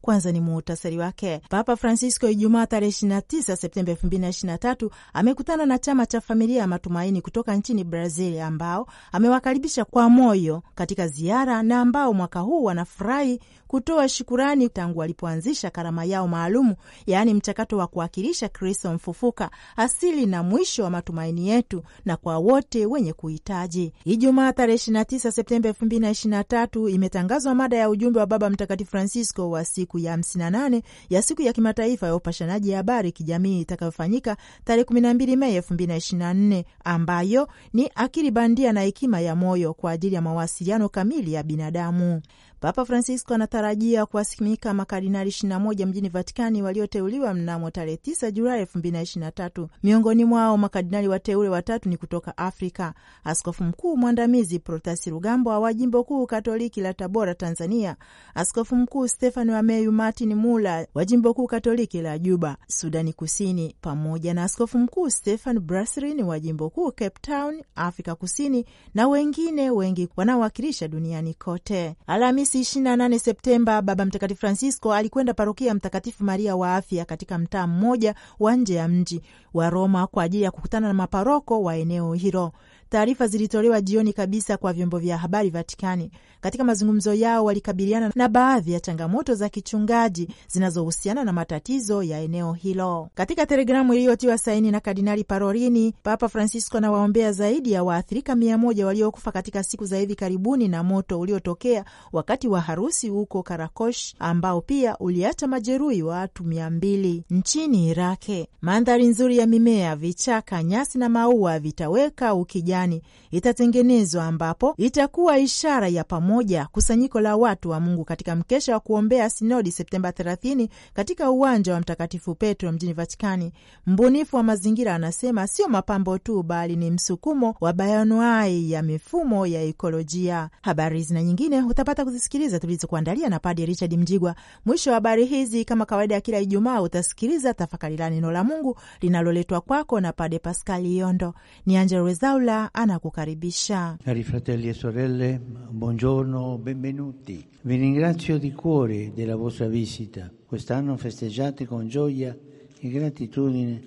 Kwanza ni muhutasari wake. Papa Francisco Ijumaa tarehe 29 Septemba 2023 amekutana na chama cha familia ya matumaini kutoka nchini Brazil, ambao amewakaribisha kwa moyo katika ziara na ambao mwaka huu wanafurahi kutoa shukurani tangu walipoanzisha karama yao maalumu, yaani mchakato wa kuwakilisha Kristo mfufuka, asili na mwisho wa matumaini yetu, na kwa wote wenye kuhitaji. Ijumaa tarehe 29 Septemba 2023 imetangazwa mada ya ujumbe wa Baba Mtakatifu Francisco wa siku siku ya 58 ya siku ya kimataifa ya upashanaji habari kijamii itakayofanyika tarehe 12 Mei 2024 ambayo ni akili bandia na hekima ya moyo kwa ajili ya mawasiliano kamili ya binadamu. Papa Francisco anatarajia kuwasimika makardinali 21 mjini Vatikani walioteuliwa mnamo tarehe 9 Julai 2023. Miongoni mwao makardinali wateule watatu ni kutoka Afrika: askofu mkuu mwandamizi Protasi Rugambwa wa jimbo kuu katoliki la Tabora, Tanzania, askofu mkuu Stefani Wameyu Martin Mula wa jimbo kuu katoliki la Juba, Sudani Kusini, pamoja na askofu mkuu Stefan Brasrin wa jimbo kuu Cape Town, Afrika Kusini, na wengine wengi wanaowakilisha duniani kote. Alhamisi Alhamisi 28 Septemba, Baba Mtakatifu Francisco alikwenda parokia ya Mtakatifu Maria wa Afya katika mtaa mmoja wa nje ya mji wa Roma kwa ajili ya kukutana na maparoko wa eneo hilo. Taarifa zilitolewa jioni kabisa kwa vyombo vya habari Vatikani. Katika mazungumzo yao, walikabiliana na baadhi ya changamoto za kichungaji zinazohusiana na matatizo ya eneo hilo. Katika telegramu iliyotiwa saini na Kardinali Parolini, Papa Francisco anawaombea zaidi ya waathirika mia moja waliokufa katika siku za hivi karibuni na moto uliotokea wakati wa harusi huko Karakosh, ambao pia uliacha majeruhi wa watu mia mbili nchini Irake. Mandhari nzuri ya mimea, vichaka, nyasi na maua vitaweka ukija duniani itatengenezwa, ambapo itakuwa ishara ya pamoja kusanyiko la watu wa Mungu katika mkesha wa kuombea sinodi Septemba 30 katika uwanja wa Mtakatifu Petro mjini Vatikani. Mbunifu wa mazingira anasema sio mapambo tu, bali ni msukumo wa bayonuai ya mifumo ya ekolojia. Habari zina nyingine utapata kuzisikiliza tulizokuandalia na Padre Richard Mjigwa. Mwisho wa habari hizi, kama kawaida ya kila Ijumaa, utasikiliza tafakari la neno la Mungu linaloletwa kwako na Padre Paskali Yondo. Ni Angella Rwezaula anakukaribisha. Cari fratelli e sorelle, buongiorno, benvenuti. Vi ringrazio di cuore della vostra visita. Quest'anno festeggiate con gioia e gratitudine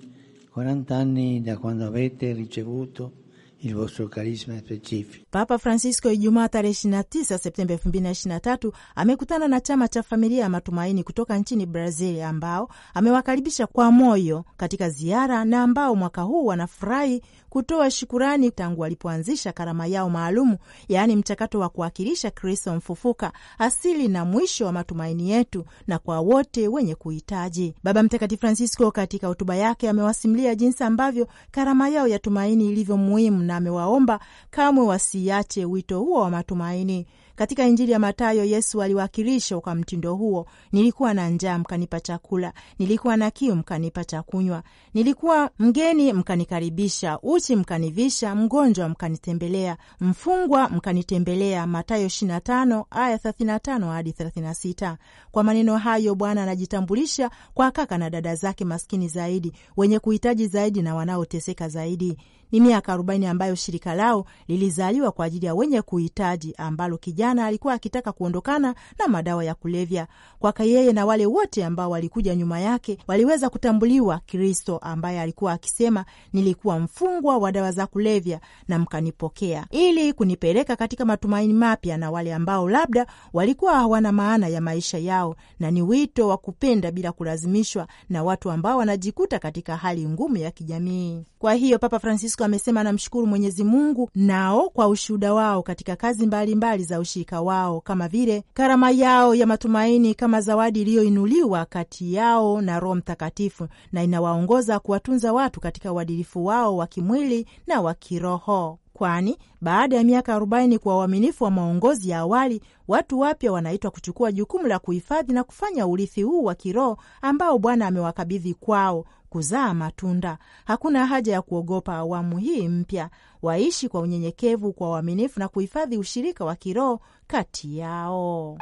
40 anni da quando avete ricevuto il vostro carisma specifico. Papa Francisco Ijumaa tarehe 29 Septemba 2023 amekutana na chama cha familia ya matumaini kutoka nchini Brazil ambao amewakaribisha kwa moyo katika ziara na ambao mwaka huu wanafurahi kutoa shukurani tangu walipoanzisha karama yao maalumu, yaani mchakato wa kuwakilisha Kristo mfufuka, asili na mwisho wa matumaini yetu, na kwa wote wenye kuhitaji. Baba Mtakatifu Francisco katika hotuba yake amewasimulia jinsi ambavyo karama yao ya tumaini ilivyo muhimu, na amewaomba kamwe wasi isiache wito huo wa matumaini. Katika Injili ya matayo Yesu aliwakilisha kwa mtindo huo: nilikuwa na njaa mkanipa chakula, nilikuwa na kiu mkanipa cha kunywa, nilikuwa mgeni mkanikaribisha, uchi mkanivisha, mgonjwa mkanitembelea, mfungwa mkanitembelea. matayo 25 aya 35 hadi 36. Kwa maneno hayo Bwana anajitambulisha kwa kaka na dada zake maskini zaidi, wenye kuhitaji zaidi na wanaoteseka zaidi. Ni miaka arobaini ambayo shirika lao lilizaliwa kwa ajili ya wenye kuhitaji, ambalo kijana alikuwa akitaka kuondokana na madawa ya kulevya. Kwake yeye na wale wote ambao walikuja nyuma yake waliweza kutambuliwa Kristo ambaye alikuwa akisema, nilikuwa mfungwa wa dawa za kulevya na mkanipokea, ili kunipeleka katika matumaini mapya, na wale ambao labda walikuwa hawana maana ya maisha yao, na ni wito wa kupenda bila kulazimishwa, na watu ambao wanajikuta katika hali ngumu ya kijamii. Kwa hiyo Papa Francisco Kristo amesema anamshukuru Mwenyezi Mungu nao kwa ushuhuda wao katika kazi mbalimbali mbali za ushirika wao, kama vile karama yao ya matumaini kama zawadi iliyoinuliwa kati yao na Roho Mtakatifu na inawaongoza kuwatunza watu katika uadilifu wao wa kimwili na wa kiroho kwani baada ya miaka arobaini kwa uaminifu wa maongozi ya awali, watu wapya wanaitwa kuchukua jukumu la kuhifadhi na kufanya urithi huu wa kiroho ambao Bwana amewakabidhi kwao kuzaa matunda. Hakuna haja ya kuogopa awamu hii mpya, waishi kwa unyenyekevu, kwa uaminifu na kuhifadhi ushirika wa kiroho kati yao.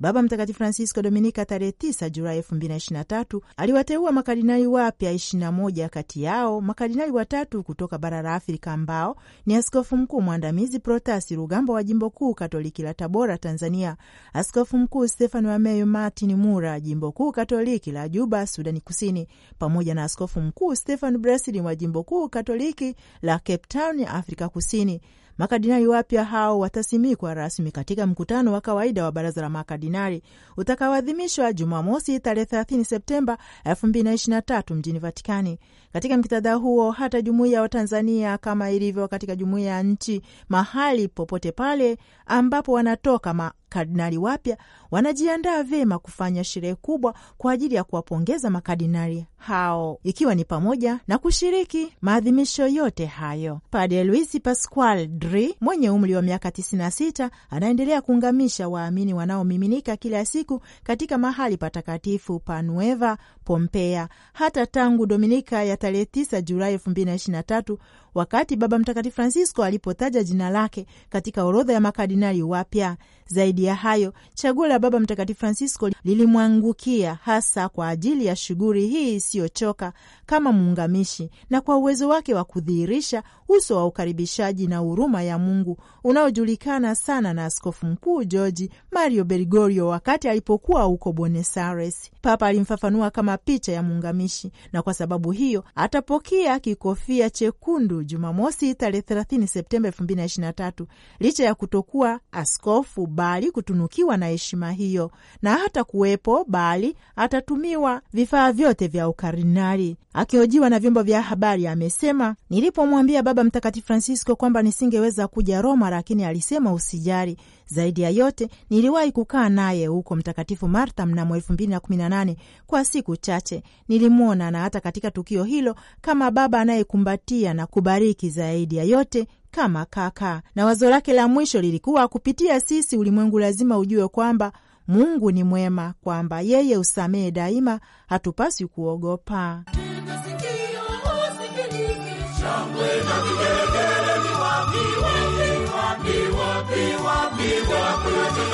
Baba Mtakatifu Francisco Dominika tarehe 9 Julai 2023 aliwateua makardinali wapya 21, kati yao makardinali watatu kutoka bara la Afrika ambao ni askofu mkuu mwandamizi Protasi rugambo wa jimbo kuu katoliki la Tabora, Tanzania, askofu mkuu Stefano Ameyo Martin Mura jimbo kuu katoliki la Juba, Sudani Kusini, pamoja na askofu mkuu Stefano Brasilin wa jimbo kuu katoliki la Cape Town, Afrika Kusini Makardinali wapya hao watasimikwa rasmi katika mkutano wa kawaida wa baraza la makardinali utakaoadhimishwa Jumamosi tarehe 30 Septemba 2023 mjini Vatikani. Katika mktadha huo, hata jumuiya ya Watanzania kama ilivyo katika jumuiya ya nchi mahali popote pale ambapo wanatoka ma makardinali wapya wanajiandaa vyema kufanya sherehe kubwa kwa ajili ya kuwapongeza makardinali hao ikiwa ni pamoja na kushiriki maadhimisho yote hayo. Padre Luis pasqual Dri mwenye umri wa miaka 96 anaendelea kuungamisha waamini wanaomiminika kila siku katika mahali patakatifu pa Nueva Pompea hata tangu Dominika ya tarehe 9 Julai 2023 wakati Baba Mtakatifu Francisco alipotaja jina lake katika orodha ya makardinali wapya. Zaidi ya hayo, chaguo la Baba Mtakatifu Francisco lilimwangukia hasa kwa ajili ya shughuli hii isiyochoka kama muungamishi na kwa uwezo wake wa kudhihirisha uso wa ukaribishaji na huruma ya Mungu unaojulikana sana na askofu mkuu George Mario Bergoglio wakati alipokuwa huko Buenos Aires. Papa alimfafanua kama picha ya muungamishi, na kwa sababu hiyo atapokea kikofia chekundu Jumamosi tarehe 30 Septemba 2023 licha ya kutokuwa askofu bali kutunukiwa na heshima hiyo, na hata kuwepo bali atatumiwa vifaa vyote vya ukarinali. Akihojiwa na vyombo vya habari amesema, nilipomwambia Baba Mtakatifu Francisco kwamba nisingeweza kuja Roma, lakini alisema usijali zaidi ya yote, niliwahi kukaa naye huko Mtakatifu Martha mnamo elfu mbili na kumi na nane kwa siku chache. Nilimwona na hata katika tukio hilo kama baba anayekumbatia na kubariki, zaidi ya yote kama kaka. Na wazo lake la mwisho lilikuwa kupitia sisi ulimwengu lazima ujue kwamba Mungu ni mwema, kwamba yeye usamehe daima, hatupaswi kuogopa.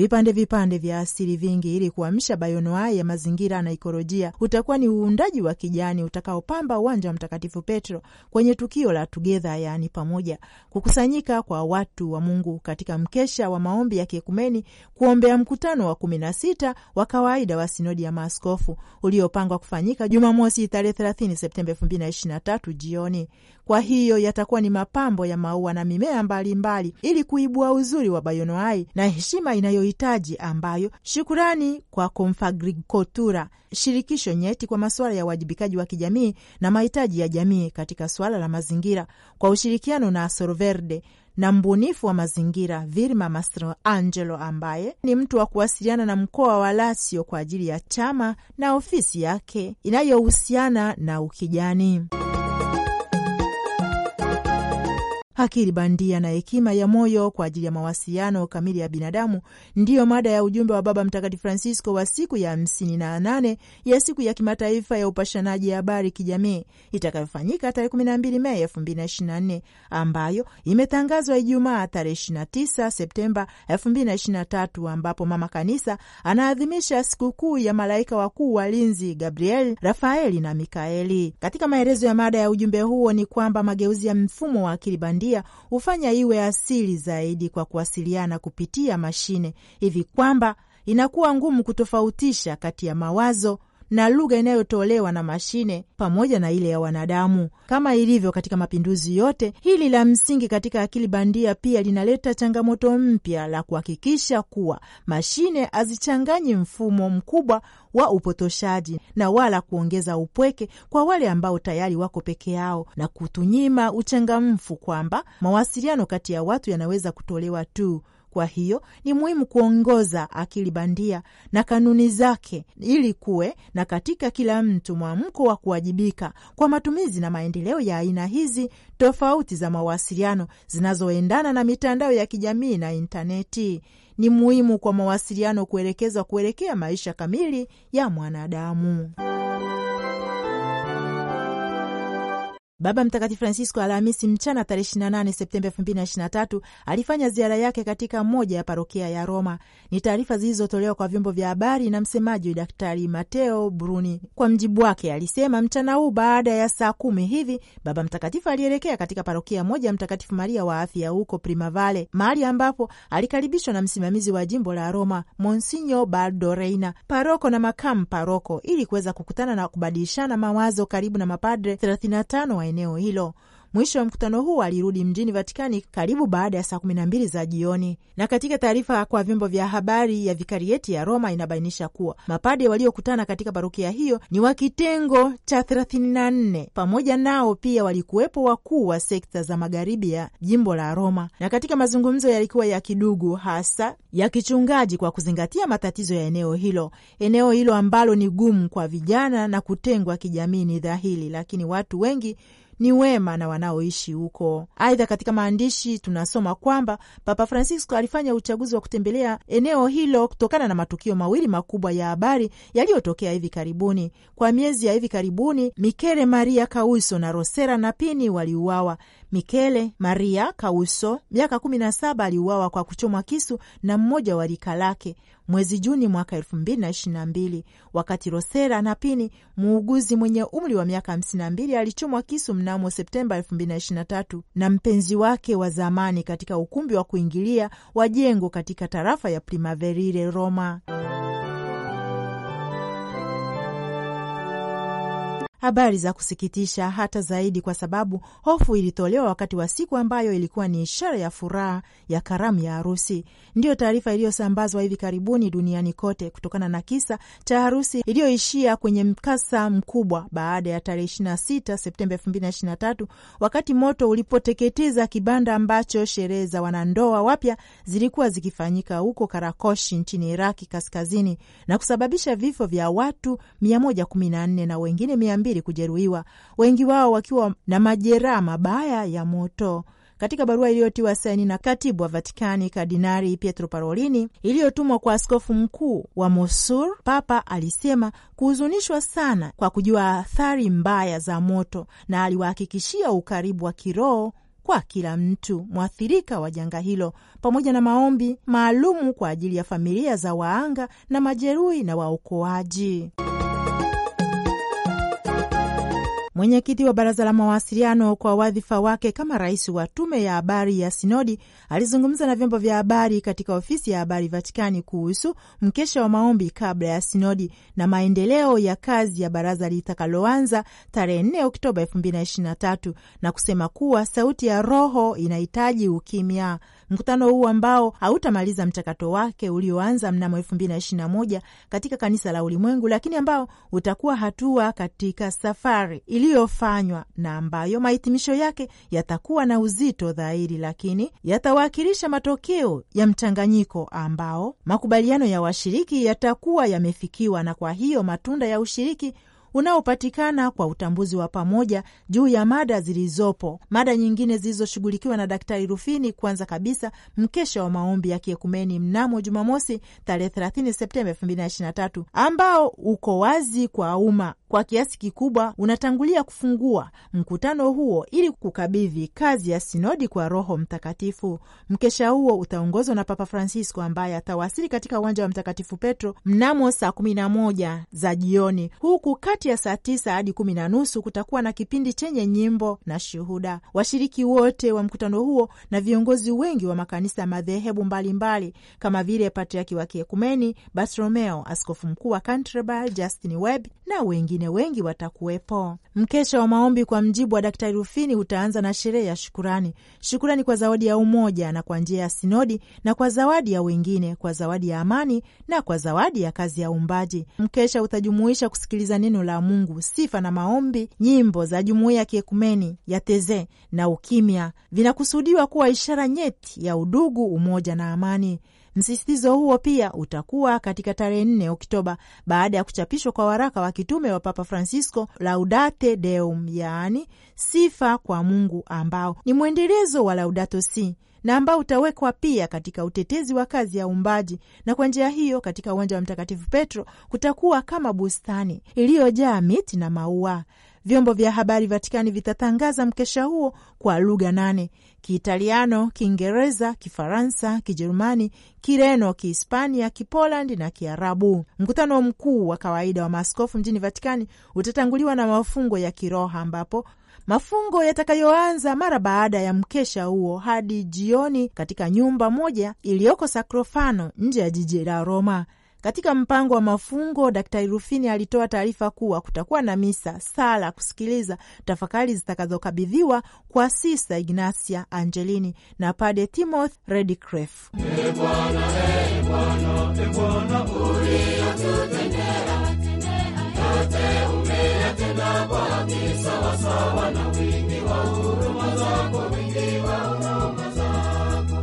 vipande vipande vya asili vingi ili kuamsha bayonoai ya mazingira na ikolojia utakuwa ni uundaji wa kijani utakaopamba uwanja wa Mtakatifu Petro kwenye tukio la tugedha, yaani pamoja, kukusanyika kwa watu wa Mungu katika mkesha wa maombi ya kiekumeni kuombea mkutano wa kumi na sita wa kawaida wa sinodi ya maaskofu uliopangwa kufanyika Jumamosi tarehe 30 Septemba 2023 jioni. Kwa hiyo yatakuwa ni mapambo ya maua na mimea mbalimbali mbali, ili kuibua uzuri wa bayonoai na heshima inayo mahitaji ambayo shukurani kwa Konfagrikoltura, shirikisho nyeti kwa masuala ya uwajibikaji wa kijamii na mahitaji ya jamii katika suala la mazingira, kwa ushirikiano na Asoro na mbunifu wa mazingira Vilma angelo ambaye ni mtu wa kuwasiliana na mkoa wa Lazio kwa ajili ya chama na ofisi yake inayohusiana na ukijani. akili bandia na hekima ya moyo kwa ajili ya mawasiliano kamili ya binadamu, ndiyo mada ya ujumbe wa Baba Mtakatifu Francisco wa siku ya hamsini na nane ya siku ya kimataifa ya upashanaji habari kijamii itakayofanyika tarehe mbili Mei nne ambayo imetangazwa Ijumaa tarehe tisa Septemba tatu ambapo Mama Kanisa anaadhimisha sikukuu ya malaika wakuu walinzi Gabriel, Rafaeli na Mikaeli. Katika maelezo ya mada ya ujumbe huo ni kwamba mageuzi ya mfumo wa akili bandia teknolojia hufanya iwe asili zaidi kwa kuwasiliana kupitia mashine hivi kwamba inakuwa ngumu kutofautisha kati ya mawazo na lugha inayotolewa na mashine pamoja na ile ya wanadamu. Kama ilivyo katika mapinduzi yote, hili la msingi katika akili bandia pia linaleta changamoto mpya la kuhakikisha kuwa mashine hazichanganyi mfumo mkubwa wa upotoshaji na wala kuongeza upweke kwa wale ambao tayari wako peke yao na kutunyima uchangamfu kwamba mawasiliano kati ya watu yanaweza kutolewa tu kwa hiyo ni muhimu kuongoza akili bandia na kanuni zake ili kuwe na katika kila mtu mwamko wa kuwajibika kwa matumizi na maendeleo ya aina hizi tofauti za mawasiliano zinazoendana na mitandao ya kijamii na intaneti. Ni muhimu kwa mawasiliano kuelekezwa kuelekea maisha kamili ya mwanadamu. Baba Mtakatifu Francisco Alhamisi mchana tarehe 28 Septemba 2023 alifanya ziara yake katika moja ya parokia ya Roma. Ni taarifa zilizotolewa kwa vyombo vya habari na msemaji Daktari Mateo Bruni. Kwa mjibu wake, alisema mchana huu baada ya saa kumi hivi Baba Mtakatifu alielekea katika parokia moja ya Mtakatifu Maria wa afya huko Primavale, mahali ambapo alikaribishwa na msimamizi wa jimbo la Roma Monsinyo Baldo Reina, paroko na makamu paroko, ili kuweza kukutana na kubadilishana mawazo karibu na mapadre 35 wa neo hilo Mwisho wa mkutano huu alirudi mjini Vatikani karibu baada ya saa kumi na mbili za jioni. Na katika taarifa kwa vyombo vya habari ya vikarieti ya Roma inabainisha kuwa mapade waliokutana katika parokia hiyo ni wa kitengo cha thelathini na nne Pamoja nao pia walikuwepo wakuu wa sekta za magharibi ya jimbo la Roma, na katika mazungumzo yalikuwa ya kidugu, hasa ya kichungaji, kwa kuzingatia matatizo ya eneo hilo, eneo hilo ambalo ni gumu kwa vijana na kutengwa kijamii, ni dhahiri, lakini watu wengi ni wema na wanaoishi huko. Aidha, katika maandishi tunasoma kwamba Papa Francisco alifanya uchaguzi wa kutembelea eneo hilo kutokana na matukio mawili makubwa ya habari yaliyotokea hivi karibuni. Kwa miezi ya hivi karibuni, Mikele Maria Kauso na Rosera Napini waliuawa. Mikele Maria Kauso miaka kumi na saba aliuawa kwa kuchomwa kisu na mmoja wa rika lake mwezi Juni mwaka elfu mbili na ishirini na mbili wakati Rosera Napini, muuguzi mwenye umri wa miaka hamsini na mbili, alichomwa kisu mnamo Septemba elfu mbili na ishirini na tatu na mpenzi wake wa zamani katika ukumbi wa kuingilia wa jengo katika tarafa ya Primaverile, Roma. Habari za kusikitisha hata zaidi, kwa sababu hofu ilitolewa wakati wa siku ambayo ilikuwa ni ishara ya furaha ya karamu ya harusi. Ndiyo taarifa iliyosambazwa hivi karibuni duniani kote kutokana na kisa cha harusi iliyoishia kwenye mkasa mkubwa baada ya tarehe 26 Septemba 2023 wakati moto ulipoteketeza kibanda ambacho sherehe za wanandoa wapya zilikuwa zikifanyika huko Karakoshi nchini Iraki kaskazini na kusababisha vifo vya watu 114 na wengine 200 kusubiri kujeruhiwa, wengi wao wakiwa na majeraha mabaya ya moto. Katika barua iliyotiwa saini na katibu wa Vatikani Kardinari Pietro Parolini iliyotumwa kwa askofu mkuu wa Mosul, Papa alisema kuhuzunishwa sana kwa kujua athari mbaya za moto, na aliwahakikishia ukaribu wa kiroho kwa kila mtu mwathirika wa janga hilo, pamoja na maombi maalumu kwa ajili ya familia za waanga na majeruhi na waokoaji. Mwenyekiti wa baraza la mawasiliano kwa wadhifa wake kama rais wa tume ya habari ya sinodi alizungumza na vyombo vya habari katika ofisi ya habari Vatikani kuhusu mkesha wa maombi kabla ya sinodi na maendeleo ya kazi ya baraza litakaloanza tarehe 4 Oktoba 2023 na kusema kuwa sauti ya Roho inahitaji ukimya. Mkutano huu ambao hautamaliza mchakato wake ulioanza mnamo elfu mbili na na moja katika kanisa la ulimwengu, lakini ambao utakuwa hatua katika safari iliyofanywa na ambayo mahitimisho yake yatakuwa na uzito dhahiri, lakini yatawakilisha matokeo ya mchanganyiko ambao makubaliano ya washiriki yatakuwa yamefikiwa, na kwa hiyo matunda ya ushiriki unaopatikana kwa utambuzi wa pamoja juu ya mada zilizopo. Mada nyingine zilizoshughulikiwa na Daktari Rufini, kwanza kabisa mkesha wa maombi ya kiekumeni mnamo Jumamosi tarehe 30 Septemba 2023 ambao uko wazi kwa umma kwa kiasi kikubwa unatangulia kufungua mkutano huo ili kukabidhi kazi ya sinodi kwa Roho Mtakatifu. Mkesha huo utaongozwa na Papa Francisco ambaye atawasili katika uwanja wa Mtakatifu Petro mnamo saa 11 za jioni, huku kati ya saa tisa hadi kumi na nusu kutakuwa na kipindi chenye nyimbo na shuhuda. Washiriki wote wa mkutano huo na viongozi wengi wa makanisa ya madhehebu mbalimbali kama vile patriaki wa kiekumeni Bartolomeo, askofu mkuu wa Canterbury Justin Webb na wengine wengi watakuwepo. Mkesha wa maombi kwa mjibu wa Daktari Rufini utaanza na sherehe ya shukurani, shukurani kwa zawadi ya umoja na kwa njia ya sinodi na kwa zawadi ya wengine, kwa zawadi ya amani na kwa zawadi ya kazi ya uumbaji. Mkesha utajumuisha kusikiliza neno la Mungu, sifa na maombi, nyimbo za jumuiya ya kiekumeni ya Teze na ukimya vinakusudiwa kuwa ishara nyeti ya udugu, umoja na amani. Msisitizo huo pia utakuwa katika tarehe nne Oktoba, baada ya kuchapishwa kwa waraka wa kitume wa Papa Francisco Laudate Deum, yaani sifa kwa Mungu, ambao ni mwendelezo wa Laudato Si na ambao utawekwa pia katika utetezi wa kazi ya uumbaji, na kwa njia hiyo katika uwanja wa Mtakatifu Petro kutakuwa kama bustani iliyojaa miti na maua. Vyombo vya habari Vatikani vitatangaza mkesha huo kwa lugha nane: Kiitaliano, Kiingereza, Kifaransa, Kijerumani, Kireno, Kihispania, Kipolandi na Kiarabu. Mkutano mkuu wa kawaida wa maaskofu mjini Vatikani utatanguliwa na mafungo ya kiroho ambapo mafungo yatakayoanza mara baada ya mkesha huo hadi jioni katika nyumba moja iliyoko Sakrofano nje ya jiji la Roma. Katika mpango wa mafungo, Daktari Rufini alitoa taarifa kuwa kutakuwa na misa, sala, kusikiliza tafakari zitakazokabidhiwa kwa Sista Ignasia Angelini na Pade Timothy Hey, na wingi wa huruma zako, wingi wa huruma zako.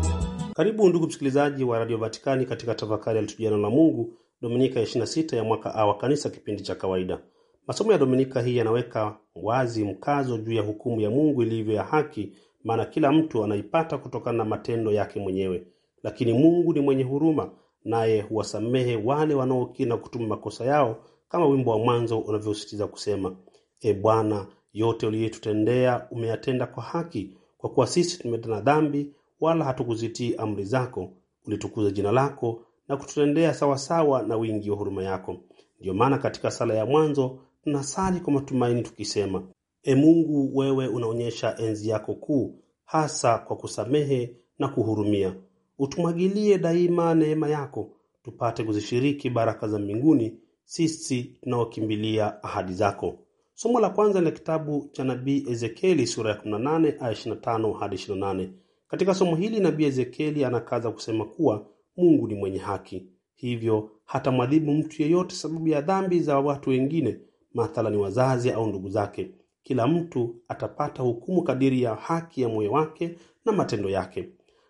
Karibu ndugu msikilizaji wa Radio Vatikani katika tafakari ya Litujia na Mungu, Dominika 26 ya mwaka A ah, wa Kanisa, kipindi cha kawaida. Masomo ya Dominika hii yanaweka wazi mkazo juu ya hukumu ya Mungu ilivyo ya haki, maana kila mtu anaipata kutokana na matendo yake mwenyewe, lakini Mungu ni mwenye huruma, naye huwasamehe wale wanaokiri na kutuma makosa yao, kama wimbo wa mwanzo unavyosisitiza kusema E Bwana, yote uliyetutendea umeyatenda kwa haki, kwa kuwa sisi tumetenda dhambi wala hatukuzitii amri zako. Ulitukuza jina lako na kututendea sawasawa na wingi wa huruma yako. Ndiyo maana katika sala ya mwanzo tunasali kwa matumaini tukisema: E Mungu, wewe unaonyesha enzi yako kuu, hasa kwa kusamehe na kuhurumia. Utumwagilie daima neema yako, tupate kuzishiriki baraka za mbinguni, sisi tunaokimbilia ahadi zako. Somo la kwanza ni kitabu cha nabii Ezekieli sura ya 18 aya 25 hadi 28. Katika somo hili nabii Ezekieli anakaza kusema kuwa Mungu ni mwenye haki, hivyo hatamwadhibu mtu yeyote sababu ya dhambi za watu wengine, mathala ni wazazi au ndugu zake. Kila mtu atapata hukumu kadiri ya haki ya moyo wake na matendo yake.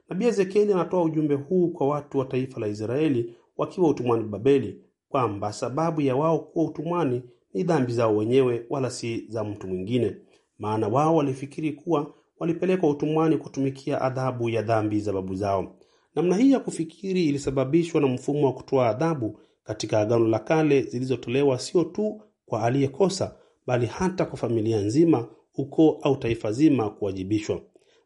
Nabii Ezekieli anatoa ujumbe huu kwa watu wa taifa la Israeli wakiwa utumwani Babeli, kwamba sababu ya wao kuwa utumwani ni dhambi zao wenyewe wala si za mtu mwingine, maana wao walifikiri kuwa walipelekwa utumwani kutumikia adhabu ya dhambi za babu zao. Namna hii ya kufikiri ilisababishwa na mfumo wa kutoa adhabu katika Agano la Kale zilizotolewa sio tu kwa aliyekosa, bali hata kwa familia nzima, ukoo au taifa zima kuwajibishwa.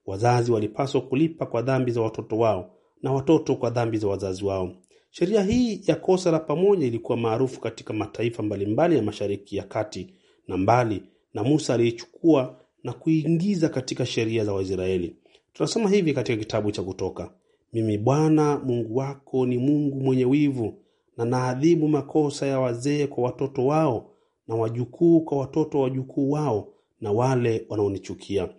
Wazazi walipaswa kulipa kwa dhambi za watoto wao na watoto kwa dhambi za wazazi wao. Sheria hii ya kosa la pamoja ilikuwa maarufu katika mataifa mbalimbali ya Mashariki ya Kati na mbali na Musa aliichukua na kuingiza katika sheria za Waisraeli. Tunasoma hivi katika kitabu cha Kutoka: mimi Bwana Mungu wako ni Mungu mwenye wivu, na naadhibu makosa ya wazee kwa watoto wao na wajukuu kwa watoto wa wajukuu wao na wale wanaonichukia.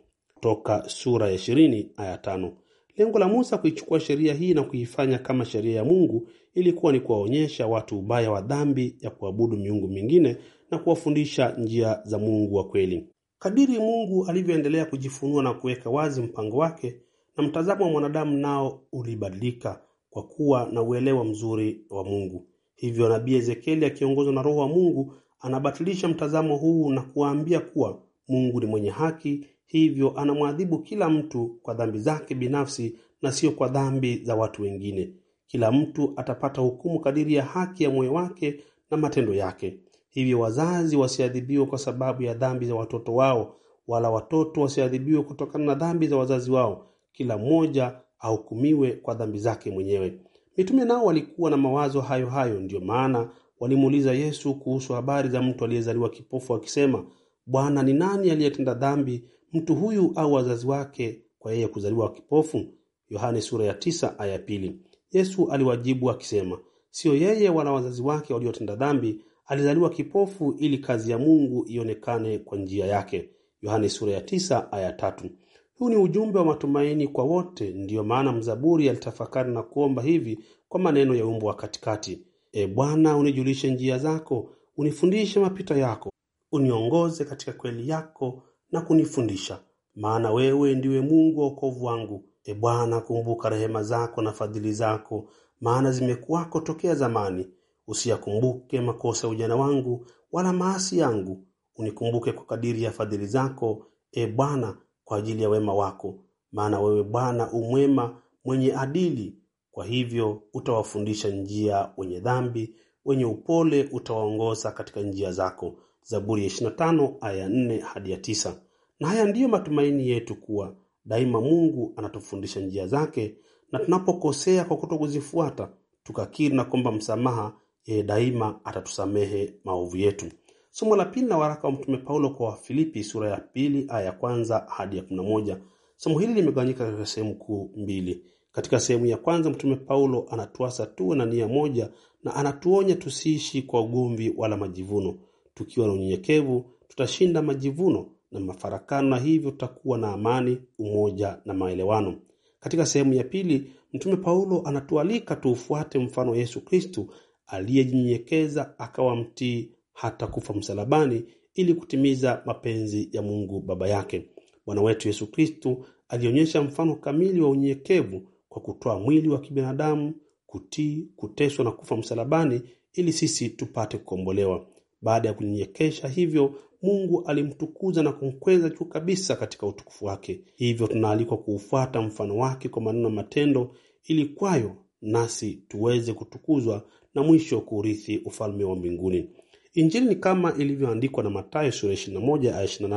Toka sura ya 20 aya 5. Lengo la Musa kuichukua sheria hii na kuifanya kama sheria ya Mungu ilikuwa ni kuwaonyesha watu ubaya wa dhambi ya kuabudu miungu mingine na kuwafundisha njia za Mungu wa kweli. Kadiri Mungu alivyoendelea kujifunua na kuweka wazi mpango wake, na mtazamo wa mwanadamu nao ulibadilika kwa kuwa na uelewa mzuri wa Mungu. Hivyo nabii Ezekieli akiongozwa na Roho wa Mungu anabatilisha mtazamo huu na kuwaambia kuwa Mungu ni mwenye haki, hivyo anamwadhibu kila mtu kwa dhambi zake binafsi na sio kwa dhambi za watu wengine. Kila mtu atapata hukumu kadiri ya haki ya moyo wake na matendo yake. Hivyo wazazi wasiadhibiwe kwa sababu ya dhambi za watoto wao, wala watoto wasiadhibiwe kutokana na dhambi za wazazi wao. Kila mmoja ahukumiwe kwa dhambi zake mwenyewe. Mitume nao walikuwa na mawazo hayo hayo, ndiyo maana walimuuliza Yesu kuhusu habari za mtu aliyezaliwa kipofu akisema, Bwana, ni nani aliyetenda dhambi, mtu huyu au wazazi wake, kwa yeye kuzaliwa kipofu? Yohane sura ya tisa aya pili. Yesu aliwajibu akisema, siyo yeye wala wazazi wake waliotenda dhambi, alizaliwa kipofu ili kazi ya Mungu ionekane kwa njia yake. Yohane sura ya tisa aya tatu. Huu ni ujumbe wa matumaini kwa wote. Ndiyo maana mzaburi alitafakari na kuomba hivi kwa maneno ya umbo wa katikati: E Bwana, unijulishe njia zako, unifundishe mapito yako, uniongoze katika kweli yako na kunifundisha, maana wewe ndiwe Mungu wa wokovu wangu E Bwana kumbuka rehema zako na fadhili zako, maana zimekuwako tokea zamani. Usiyakumbuke makosa ya ujana wangu wala maasi yangu, unikumbuke kwa kadiri ya fadhili zako, e Bwana, kwa ajili ya wema wako, maana wewe Bwana umwema mwenye adili. Kwa hivyo utawafundisha njia wenye dhambi, wenye upole utawaongoza katika njia zako. Zaburi ya 25 aya 4 hadi ya 9. Na haya ndiyo matumaini yetu kuwa Daima Mungu anatufundisha njia zake na tunapokosea kwa kutokuzifuata tukakiri na kuomba msamaha, yeye daima atatusamehe maovu yetu. Somo la pili na waraka wa Mtume Paulo kwa Wafilipi sura ya pili aya ya kwanza hadi ya moja Somo hili limegawanyika katika sehemu kuu mbili. Katika sehemu ya kwanza Mtume Paulo anatuasa tuwe na nia moja na anatuonya tusiishi kwa ugomvi wala majivuno. Tukiwa na unyenyekevu tutashinda majivuno na mafarakano na hivyo tutakuwa na amani, umoja na maelewano. Katika sehemu ya pili, Mtume Paulo anatualika tuufuate mfano wa Yesu Kristu aliyejinyenyekeza akawa mtii hata kufa msalabani ili kutimiza mapenzi ya Mungu Baba yake. Bwana wetu Yesu Kristu alionyesha mfano kamili wa unyenyekevu kwa kutoa mwili wa kibinadamu, kutii, kuteswa na kufa msalabani ili sisi tupate kukombolewa. Baada ya kunyenyekesha hivyo, Mungu alimtukuza na kumkweza juu kabisa katika utukufu wake. Hivyo tunaalikwa kuufuata mfano wake kwa maneno na matendo, ili kwayo nasi tuweze kutukuzwa na mwisho kuurithi ufalme wa mbinguni. Injili ni kama ilivyoandikwa na Mathayo sura 21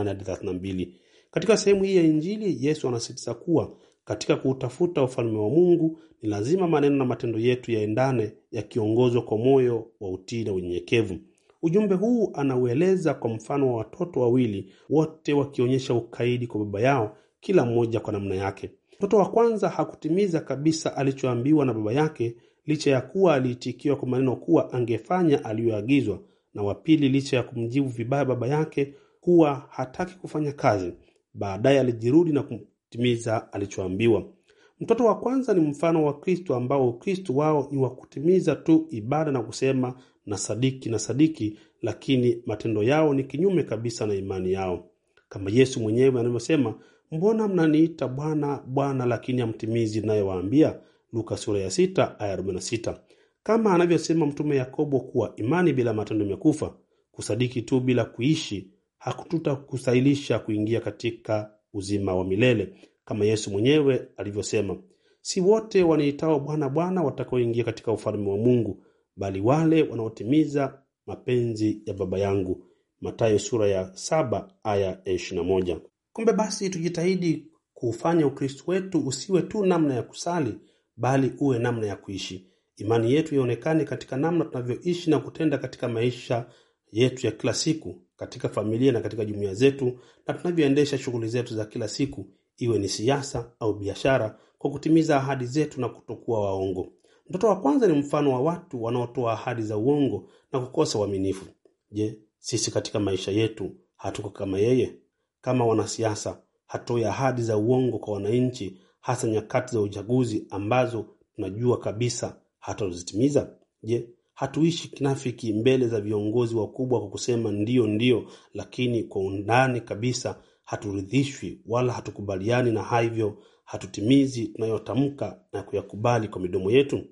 hadi 32. Katika sehemu hii ya Injili Yesu anasisitiza kuwa katika kuutafuta ufalme wa Mungu ni lazima maneno na matendo yetu yaendane, yakiongozwa kwa moyo wa utii na unyenyekevu. Ujumbe huu anaueleza kwa mfano wa watoto wawili, wote wakionyesha ukaidi kwa baba yao, kila mmoja kwa namna yake. Mtoto wa kwanza hakutimiza kabisa alichoambiwa na baba yake, licha ya kuwa aliitikiwa kwa maneno kuwa angefanya aliyoagizwa, na wa pili, licha ya kumjibu vibaya baba yake kuwa hataki kufanya kazi, baadaye alijirudi na kutimiza alichoambiwa. Mtoto wa kwanza ni mfano wa Kristo, ambao Ukristo wao ni wa kutimiza tu ibada na kusema na sadiki na sadiki, lakini matendo yao ni kinyume kabisa na imani yao, kama Yesu mwenyewe anavyosema, mbona mnaniita Bwana Bwana, lakini hamtimizi ninayowaambia, Luka sura ya sita aya Kama anavyosema Mtume Yakobo kuwa imani bila matendo imekufa. Kusadiki tu bila kuishi hakututakusahilisha kuingia katika uzima wa milele, kama Yesu mwenyewe alivyosema, si wote waniitao Bwana Bwana watakaoingia katika ufalme wa Mungu, bali wale wanaotimiza mapenzi ya Baba yangu. Mathayo sura ya saba aya ya ishirini na moja. Kumbe basi tujitahidi kuufanya Ukristo wetu usiwe tu namna ya kusali, bali uwe namna ya kuishi. Imani yetu ionekane katika namna tunavyoishi na kutenda katika maisha yetu ya kila siku, katika familia na katika jumuiya zetu, na tunavyoendesha shughuli zetu za kila siku, iwe ni siasa au biashara, kwa kutimiza ahadi zetu na kutokuwa waongo. Mtoto wa kwanza ni mfano wa watu wanaotoa ahadi za uongo na kukosa uaminifu. Je, sisi katika maisha yetu hatuko kama yeye? Kama wanasiasa, hatoi ahadi za uongo kwa wananchi, hasa nyakati za uchaguzi ambazo tunajua kabisa hatazitimiza? Je, hatuishi kinafiki mbele za viongozi wakubwa kwa kusema ndiyo ndiyo, lakini kwa undani kabisa haturidhishwi wala hatukubaliani na hivyo hatutimizi tunayotamka na kuyakubali kwa midomo yetu?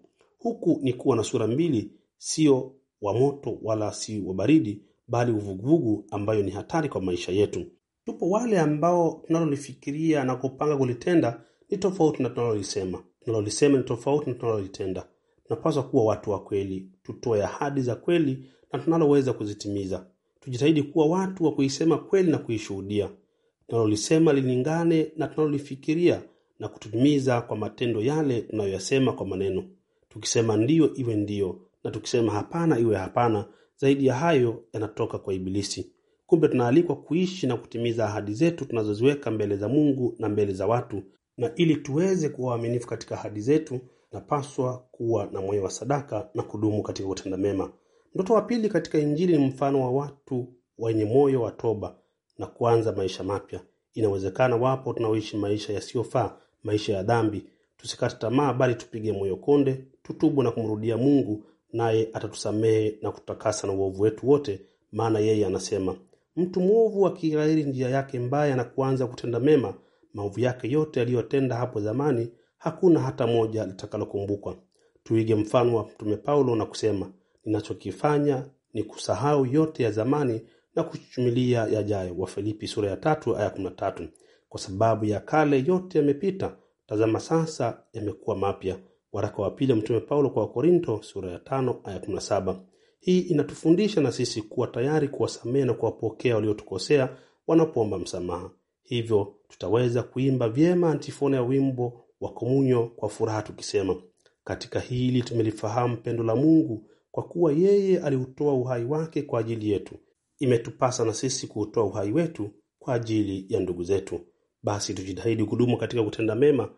Huku ni kuwa na sura mbili, sio wa moto wala si wa baridi, bali uvuguvugu ambayo ni hatari kwa maisha yetu. Tupo wale ambao tunalolifikiria na kupanga kulitenda ni tofauti na tunalolisema. Tunalolisema ni tofauti na tunalolitenda. Tunapaswa kuwa watu wa kweli, tutoe ahadi za kweli na tunaloweza kuzitimiza. Tujitahidi kuwa watu wa kuisema kweli na kuishuhudia. Tunalolisema lilingane na tunalolifikiria na kutimiza kwa matendo yale tunayoyasema kwa maneno. Tukisema ndiyo iwe ndiyo na tukisema hapana iwe hapana. Zaidi ya hayo yanatoka kwa Ibilisi. Kumbe tunaalikwa kuishi na kutimiza ahadi zetu tunazoziweka mbele za Mungu na mbele za watu, na ili tuweze kuwa waaminifu katika ahadi zetu napaswa kuwa na moyo wa sadaka na kudumu katika kutenda mema. Mtoto wa pili katika Injili ni mfano wa watu wenye moyo wa toba na kuanza maisha mapya. Inawezekana wapo tunaoishi maisha yasiyofaa, maisha ya dhambi, Tusikate tamaa, bali tupige moyo konde, tutubu na kumrudia Mungu, naye atatusamehe na kutakasa na uovu wetu wote, maana yeye anasema, mtu mwovu akighairi njia yake mbaya na kuanza kutenda mema, maovu yake yote aliyotenda hapo zamani, hakuna hata moja litakalokumbukwa. Tuige mfano wa Mtume Paulo na kusema, ninachokifanya ni kusahau yote ya zamani na kuchumilia yajayo, Wafilipi sura ya tatu aya 13. Kwa sababu ya kale yote yamepita, Tazama sasa yamekuwa mapya. Waraka wa pili mtume Paulo kwa Wakorinto sura ya tano aya saba. Hii inatufundisha na sisi kuwa tayari kuwasamehe na kuwapokea waliotukosea wanapoomba msamaha. Hivyo tutaweza kuimba vyema antifona ya wimbo wa komunyo kwa furaha tukisema, katika hili tumelifahamu pendo la Mungu kwa kuwa yeye aliutoa uhai wake kwa ajili yetu. Imetupasa na sisi kuutoa uhai wetu kwa ajili ya ndugu zetu. Basi tujitahidi kudumu katika kutenda mema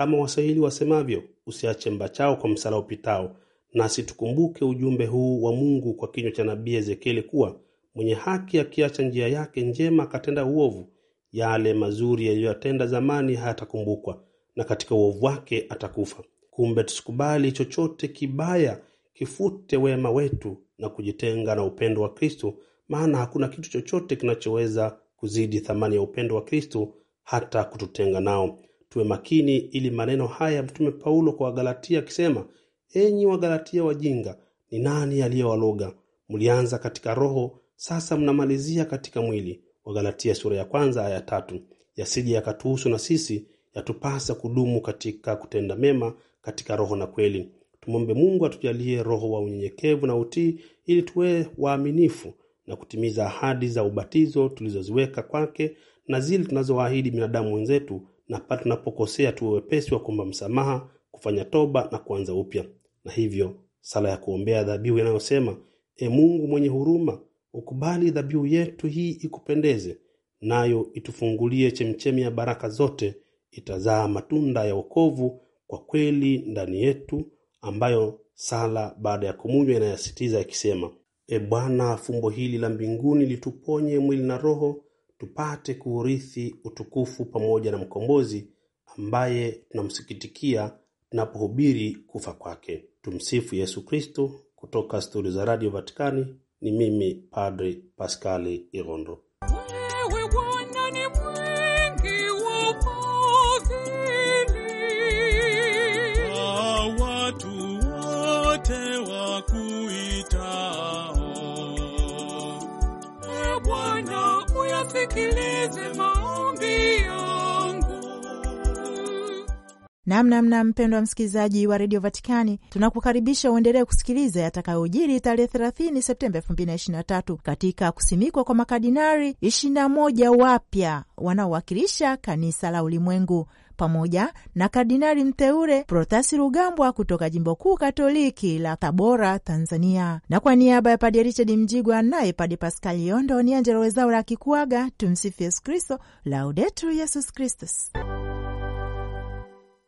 kama Waswahili wasemavyo, usiache mbachao kwa msala upitao. Nasi tukumbuke ujumbe huu wa Mungu kwa kinywa cha nabii Ezekieli kuwa mwenye haki akiacha njia yake njema akatenda uovu, yale mazuri yaliyoyatenda zamani hayatakumbukwa, na katika uovu wake atakufa. Kumbe tusikubali chochote kibaya kifute wema wetu na kujitenga na upendo wa Kristo, maana hakuna kitu chochote kinachoweza kuzidi thamani ya upendo wa Kristo hata kututenga nao. Tuwe makini ili maneno haya ya Mtume Paulo kwa Wagalatia akisema, enyi Wagalatia wajinga, ni nani aliyewaloga? Mlianza katika roho, sasa mnamalizia katika mwili. Wagalatia sura ya kwanza aya tatu. Yasije yakatuhusu na sisi, yatupasa kudumu katika kutenda mema katika roho na kweli. Tumwombe Mungu atujalie roho wa unyenyekevu na utii, ili tuwe waaminifu na kutimiza ahadi za ubatizo tulizoziweka kwake na zile tunazowaahidi binadamu wenzetu na pale tunapokosea tuwe wepesi wa kuomba msamaha, kufanya toba na kuanza upya. Na hivyo sala ya kuombea dhabihu inayosema, E Mungu mwenye huruma, ukubali dhabihu yetu hii ikupendeze, nayo itufungulie chemchemi ya baraka zote, itazaa matunda ya wokovu kwa kweli ndani yetu, ambayo sala baada ya kumunywa inayasitiza ikisema, E Bwana, fumbo hili la mbinguni lituponye mwili na roho tupate kuurithi utukufu pamoja na mkombozi ambaye tunamsikitikia tunapohubiri kufa kwake. Tumsifu Yesu Kristo. Kutoka studio za Radio Vatikani ni mimi Padre Paskali Irondo. usikilize maombi yangu. Namnamna mpendwa msikilizaji wa redio Vatikani, tunakukaribisha uendelee kusikiliza yatakayojiri tarehe 30 Septemba 2023 katika kusimikwa kwa makardinari 21 wapya wanaowakilisha kanisa la ulimwengu pamoja na Kardinali mteule Protasi Rugambwa kutoka jimbo kuu katoliki la Tabora, Tanzania. Na kwa niaba ya Padre Richard Mjigwa naye Padre Paskali Yondo ni Wezao la Kikuaga, Tumsifu Yesu Kristo, Laudetur Yesus Kristus.